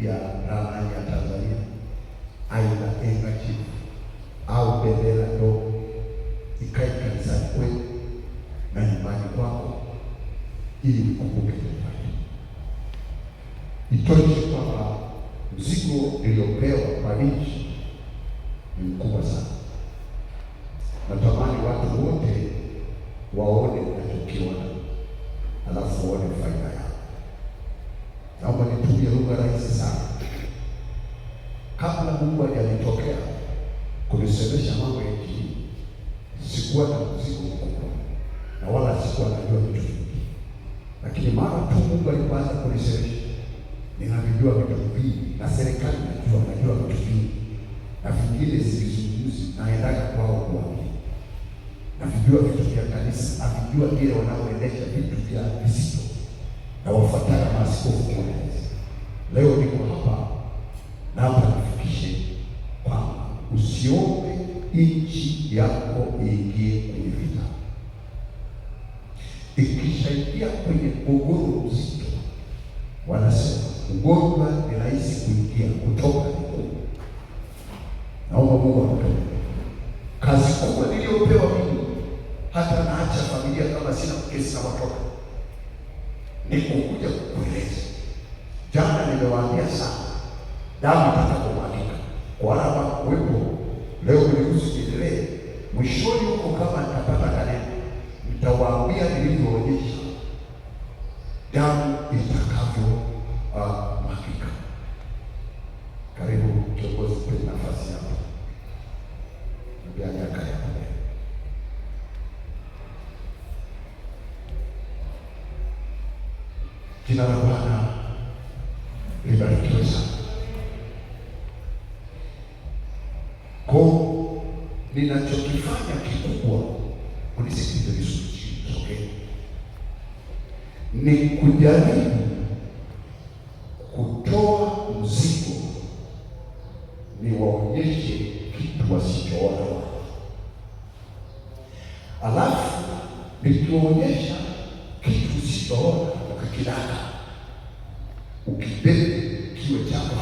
ya raha ya Tanzania aina handkerchief au bendera ndogo ikae kanisa kwetu na nyumbani kwako, ili mkumbuke nyumbani. Itoshe kwamba mzigo iliyopewa kwa nchi ni mkubwa sana, natamani watu wote waone kabla Mungu alitokea kunisemesha mambo ya injili, sikuwa na mzigo mkubwa na wala sikuwa najua vitu vingi, lakini mara tu Mungu alipoanza kunisemesha, ninavijua vitu vingi na serikali najua, najua vitu vingi na vingine zilizungumzi naendaga kwao kuambia, navijua vitu vya kanisa, navijua vile wanaoendesha vitu vya visito na wafuatana maaskofu kueleza. Leo niko hapa na hapa usiombe nchi yako iingie kwenye vita. Ikishaingia kwenye ugoro mzito, wanasema ugoro ni rahisi kuingia, kutoka naomba Mungu akutoe. Kazi kubwa niliyopewa mimi, hata naacha familia kama sina mke, sina watoto, ni kukueleza. Jana nimewaambia sana damu hata kumwagika kwa Leo kulihusu siendelee, mwishoni huko, kama nitapata kaneno, nitawaambia nilivyoonyesha damu itakavyo ah, mwagika. karibu kiongozi, pe nafasi yako ya jina la Bwana libarikiwe sana. Kwa ninachokifanya kikubwa, unisikilize vizuri, okay, ni kujaribu kutoa mzigo, niwaonyeshe kitu wasichoona, alafu nikiwaonyesha kitu usichoona ukakidaka ukibebe kiwe chako.